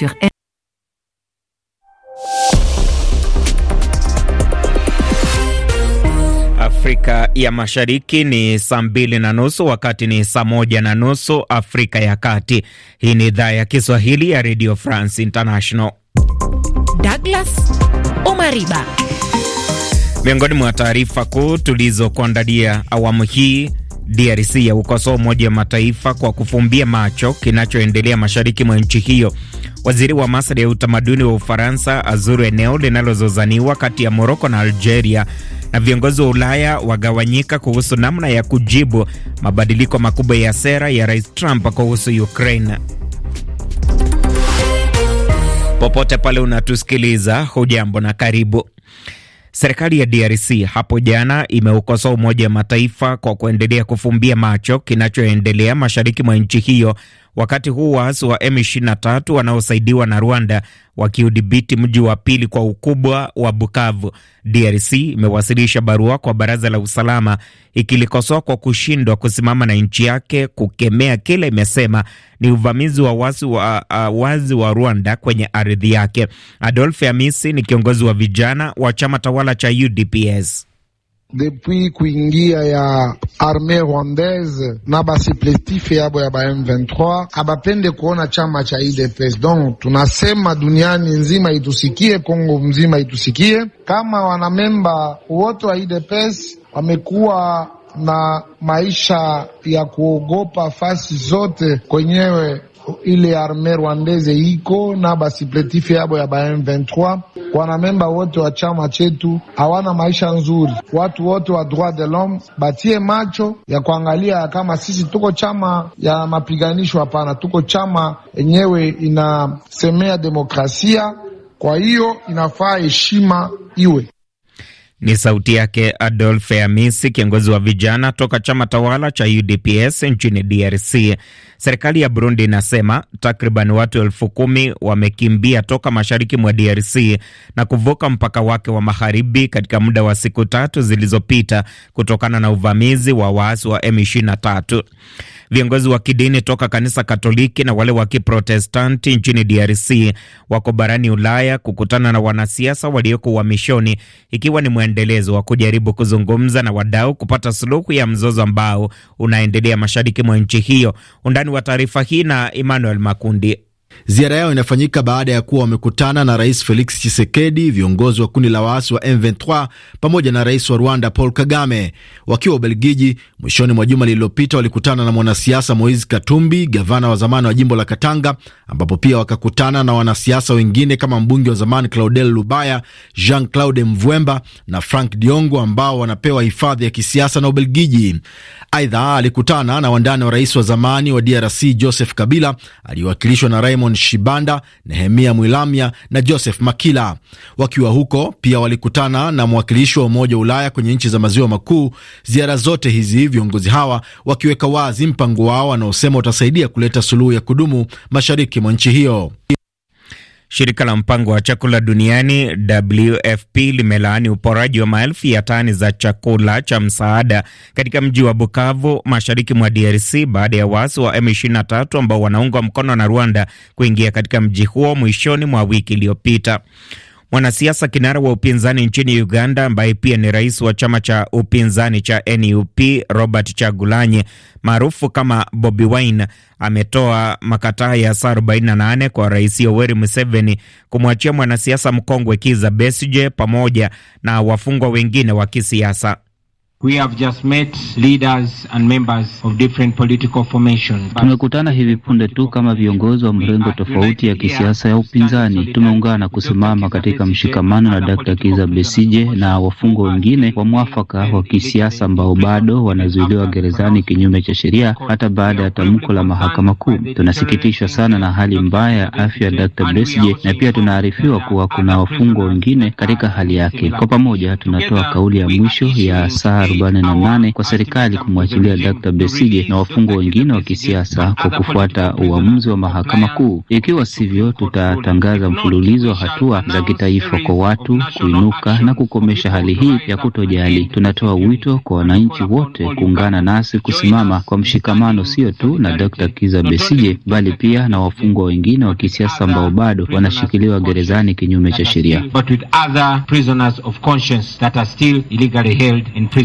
sur Afrika ya Mashariki ni saa mbili na nusu wakati ni saa moja na nusu Afrika ya Kati. Hii ni idhaa ya Kiswahili ya Radio France International. Douglas Omariba, miongoni mwa taarifa kuu tulizokuandalia awamu hii DRC ya ukosoa Umoja wa Mataifa kwa kufumbia macho kinachoendelea mashariki mwa nchi hiyo. Waziri wa masuala ya utamaduni wa Ufaransa azuru eneo linalozozaniwa kati ya Moroko na Algeria, na viongozi wa Ulaya wagawanyika kuhusu namna ya kujibu mabadiliko makubwa ya sera ya Rais Trump kuhusu Ukraine. Popote pale unatusikiliza, hujambo na karibu. Serikali ya DRC hapo jana imeukosoa Umoja wa Mataifa kwa kuendelea kufumbia macho kinachoendelea mashariki mwa nchi hiyo wakati huu waasi wa M23 wanaosaidiwa na Rwanda wakiudhibiti mji wa pili kwa ukubwa wa Bukavu. DRC imewasilisha barua kwa Baraza la Usalama ikilikosoa kwa kushindwa kusimama na nchi yake kukemea kile imesema ni uvamizi wa wazi wa, uh, wazi wa Rwanda kwenye ardhi yake. Adolf amisi ni kiongozi wa vijana wa chama tawala cha UDPS depuis kuingia ya armée rwandaise na basipletife yabo ya ba M23 abapende kuona chama cha UDPS. Donc tunasema duniani nzima itusikie, Kongo mzima itusikie, kama wanamemba wote wa UDPS wamekuwa na maisha ya kuogopa fasi zote kwenyewe ile arme rwandeze iko na basipletife yabo ya ba M23. Wanamemba wote wa chama chetu hawana maisha nzuri. Watu wote wa droit de l'homme batie macho ya kuangalia kama sisi tuko chama ya mapiganisho, hapana, tuko chama yenyewe inasemea demokrasia, kwa hiyo inafaa heshima iwe ni sauti yake Adolphe Amisi, kiongozi wa vijana toka chama tawala cha UDPS nchini DRC. Serikali ya Burundi inasema takriban watu elfu kumi wamekimbia toka mashariki mwa DRC na kuvuka mpaka wake wa magharibi katika muda wa siku tatu zilizopita kutokana na uvamizi wa waasi wa M23. Viongozi wa kidini toka kanisa Katoliki na wale wa Kiprotestanti nchini DRC wako barani Ulaya kukutana na wanasiasa walioko uhamishoni, ikiwa ni mwendelezo wa kujaribu kuzungumza na wadau kupata suluhu ya mzozo ambao unaendelea mashariki mwa nchi hiyo. Undani wa taarifa hii na Emmanuel Makundi. Ziara yao inafanyika baada ya kuwa wamekutana na Rais Felix chisekedi viongozi wa kundi la waasi wa M23 pamoja na Rais wa Rwanda Paul Kagame. Wakiwa Ubelgiji mwishoni mwa juma lililopita, walikutana na mwanasiasa Moise Katumbi, gavana wa zamani wa jimbo la Katanga, ambapo pia wakakutana na wanasiasa wengine kama mbunge wa zamani Claudel Lubaya, Jean Claude Mvwemba na Frank Diongo ambao wanapewa hifadhi ya kisiasa na Ubelgiji. Aidha, alikutana na wandani wa rais wa zamani wa DRC Joseph Kabila aliyewakilishwa na Raymond Simon Shibanda, Nehemia Mwilamya na Joseph Makila. Wakiwa huko pia walikutana na mwakilishi wa Umoja wa Ulaya kwenye nchi za maziwa makuu. Ziara zote hizi viongozi hawa wakiweka wazi mpango wao wanaosema utasaidia kuleta suluhu ya kudumu mashariki mwa nchi hiyo. Shirika la mpango wa chakula duniani WFP limelaani uporaji wa maelfu ya tani za chakula cha msaada katika mji wa Bukavu mashariki mwa DRC baada ya waasi wa M23 ambao wanaungwa mkono na Rwanda kuingia katika mji huo mwishoni mwa wiki iliyopita. Mwanasiasa kinara wa upinzani nchini Uganda ambaye pia ni rais wa chama cha upinzani cha NUP Robert Chagulanyi maarufu kama Bobi Wine ametoa makataa ya saa 48 kwa Rais Yoweri Museveni kumwachia mwanasiasa mkongwe Kizza Besigye pamoja na wafungwa wengine wa kisiasa. Tumekutana hivi punde tu kama viongozi wa mrengo tofauti ya kisiasa ya upinzani. Tumeungana kusimama katika mshikamano na Dkt. Kiza Besije na wafungwa wengine wa mwafaka wa kisiasa ambao bado wanazuiliwa gerezani kinyume cha sheria hata baada ya tamko la mahakama kuu. Tunasikitishwa sana na hali mbaya ya afya ya Dkt. Besije na pia tunaarifiwa kuwa kuna wafungwa wengine katika hali yake. Kwa pamoja tunatoa kauli ya mwisho ya saa 48 kwa serikali kumwachilia Dr. Besige na wafungwa wengine wa kisiasa kwa kufuata uamuzi wa mahakama kuu. Ikiwa sivyo, tutatangaza mfululizo wa hatua za kitaifa kwa watu kuinuka na kukomesha hali hii ya kutojali. Tunatoa wito kwa wananchi wote kuungana nasi kusimama kwa mshikamano, sio tu na Dr. Kiza Besige, bali pia na wafungwa wengine wa kisiasa ambao bado wanashikiliwa gerezani kinyume cha sheria.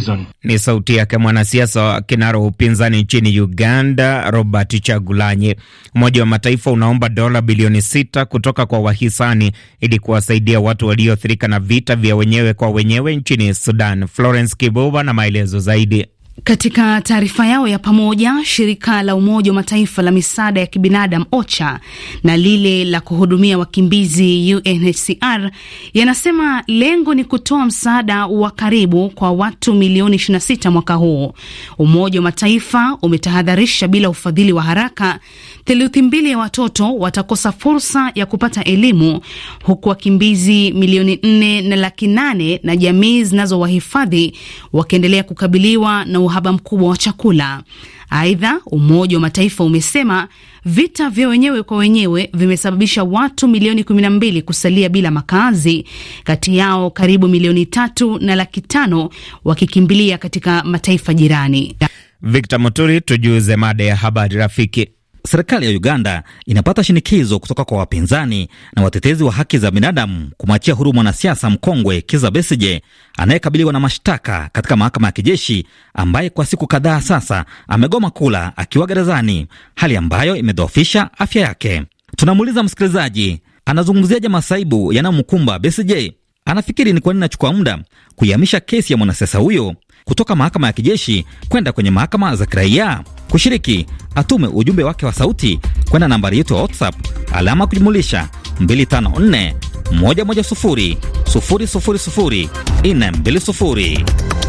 Harrison. Ni sauti yake mwanasiasa wa kinara wa upinzani nchini Uganda, Robert Chagulanyi. Umoja wa Mataifa unaomba dola bilioni sita kutoka kwa wahisani ili kuwasaidia watu walioathirika na vita vya wenyewe kwa wenyewe nchini Sudan. Florence Kibuba na maelezo zaidi. Katika taarifa yao ya pamoja, shirika la Umoja wa Mataifa la misaada ya kibinadamu OCHA na lile la kuhudumia wakimbizi UNHCR yanasema lengo ni kutoa msaada wa karibu kwa watu milioni 26 mwaka huu. Umoja wa Mataifa umetahadharisha, bila ufadhili wa haraka, theluthi mbili ya watoto watakosa fursa ya kupata elimu, huku wakimbizi milioni 4 na laki 8 na jamii zinazowahifadhi wakiendelea kukabiliwa na uhaba mkubwa wa chakula. Aidha, Umoja wa Mataifa umesema vita vya wenyewe kwa wenyewe vimesababisha watu milioni 12 kusalia bila makazi, kati yao karibu milioni tatu na laki tano wakikimbilia katika mataifa jirani. Victor Muturi, tujuze mada ya habari rafiki. Serikali ya Uganda inapata shinikizo kutoka kwa wapinzani na watetezi wa haki za binadamu kumwachia huru mwanasiasa mkongwe Kiza Besije anayekabiliwa na mashtaka katika mahakama ya kijeshi, ambaye kwa siku kadhaa sasa amegoma kula akiwa gerezani, hali ambayo imedhoofisha afya yake. Tunamuuliza msikilizaji, anazungumziaje masaibu yanayomkumba Besije? Anafikiri ni kwa nini nachukua muda kuihamisha kesi ya mwanasiasa huyo kutoka mahakama ya kijeshi kwenda kwenye mahakama za kiraia. Kushiriki atume ujumbe wake wa sauti kwenda nambari yetu ya WhatsApp alama kujumulisha 254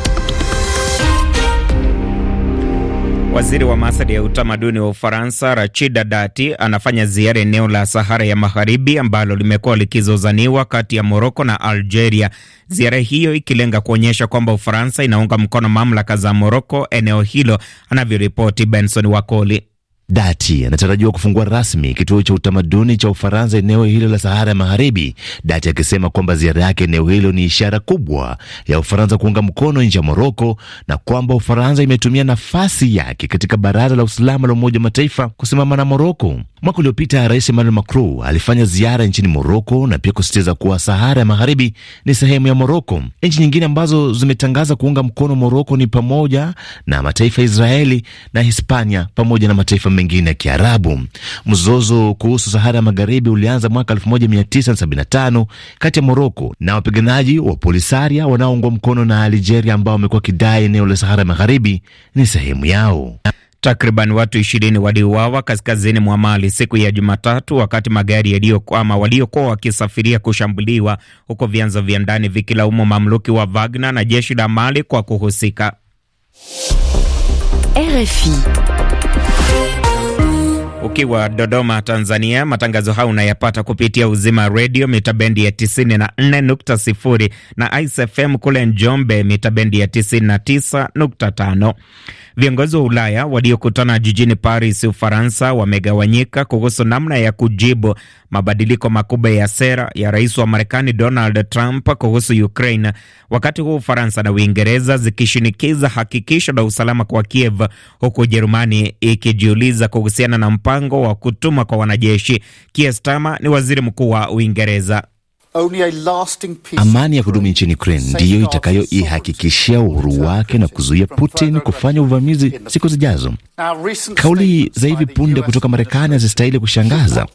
Waziri wa masari ya utamaduni wa Ufaransa Rachida Dati anafanya ziara eneo la Sahara ya Magharibi ambalo limekuwa likizozaniwa kati ya Moroko na Algeria, ziara hiyo ikilenga kuonyesha kwamba Ufaransa inaunga mkono mamlaka za Moroko eneo hilo, anavyoripoti Benson Wakoli. Dati anatarajiwa kufungua rasmi kituo cha utamaduni cha Ufaransa eneo hilo la Sahara ya Magharibi, Dati akisema kwamba ziara yake eneo hilo ni ishara kubwa ya Ufaransa kuunga mkono nchi ya Moroko na kwamba Ufaransa imetumia nafasi yake katika Baraza la Usalama la Umoja wa Mataifa kusimama na Moroko. Mwaka uliopita Rais Emmanuel Macron alifanya ziara nchini Moroko na pia kusisitiza kuwa Sahara ya Magharibi ni sehemu ya Moroko. Nchi nyingine ambazo zimetangaza kuunga mkono Moroko ni pamoja na mataifa ya Israeli na Hispania pamoja na mataifa mengine ya Kiarabu. Mzozo kuhusu Sahara Magharibi ulianza mwaka 1975 kati ya Moroko na wapiganaji wa Polisaria wanaoungwa mkono na Algeria, ambao wamekuwa wakidai eneo la Sahara Magharibi ni sehemu yao. Takriban watu ishirini waliuawa kaskazini mwa Mali siku ya Jumatatu wakati magari yaliyokwama waliokuwa wakisafiria kushambuliwa, huko vyanzo vya ndani vikilaumu mamluki wa Wagner na jeshi la Mali kwa kuhusika. RFI. Ukiwa Dodoma, Tanzania, matangazo haya unayapata kupitia Uzima Redio mita bendi ya 94.0 na ICFM kule Njombe mita bendi ya 99.5. Viongozi wa Ulaya waliokutana jijini Paris, Ufaransa, wamegawanyika kuhusu namna ya kujibu mabadiliko makubwa ya sera ya rais wa Marekani Donald Trump kuhusu Ukraine, wakati huu Ufaransa na Uingereza zikishinikiza hakikisho la usalama kwa Kiev, huku Ujerumani ikijiuliza kuhusiana na mpango wa kutuma kwa wanajeshi. Keir Starmer ni waziri mkuu wa Uingereza. Amani ya kudumu nchini Ukraine ndiyo itakayoihakikishia uhuru wake na kuzuia Putin kufanya uvamizi siku zijazo. Kauli za hivi punde kutoka Marekani hazistahili kushangaza.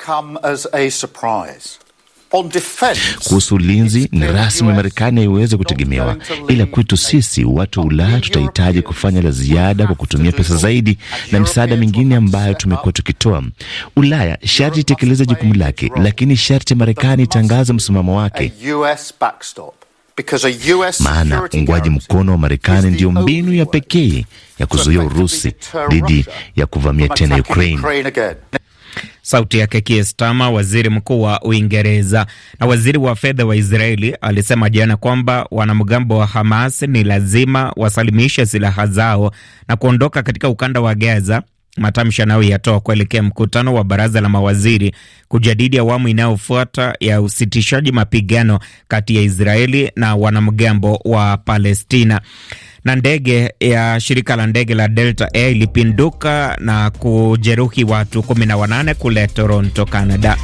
Kuhusu ulinzi, ni rasmi Marekani haiweze kutegemewa, ila kwetu sisi watu wa Ulaya tutahitaji kufanya la ziada kwa kutumia pesa zaidi na misaada mingine ambayo tumekuwa tukitoa. Ulaya sharti itekeleze jukumu lake, lakini sharti Marekani itangaze msimamo wake, maana uungwaji mkono wa Marekani ndiyo mbinu ya pekee ya kuzuia Urusi dhidi ya kuvamia tena Ukraine. Sauti yake Keir Starmer, waziri mkuu wa Uingereza. Na waziri wa fedha wa Israeli alisema jana kwamba wanamgambo wa Hamas ni lazima wasalimishe silaha zao na kuondoka katika ukanda wa Gaza, matamshi anayoyatoa kuelekea mkutano wa baraza la mawaziri kujadili awamu inayofuata ya usitishaji mapigano kati ya Israeli na wanamgambo wa Palestina na ndege ya shirika la ndege la Delta Air ilipinduka na kujeruhi watu 18 kule Toronto, Canada.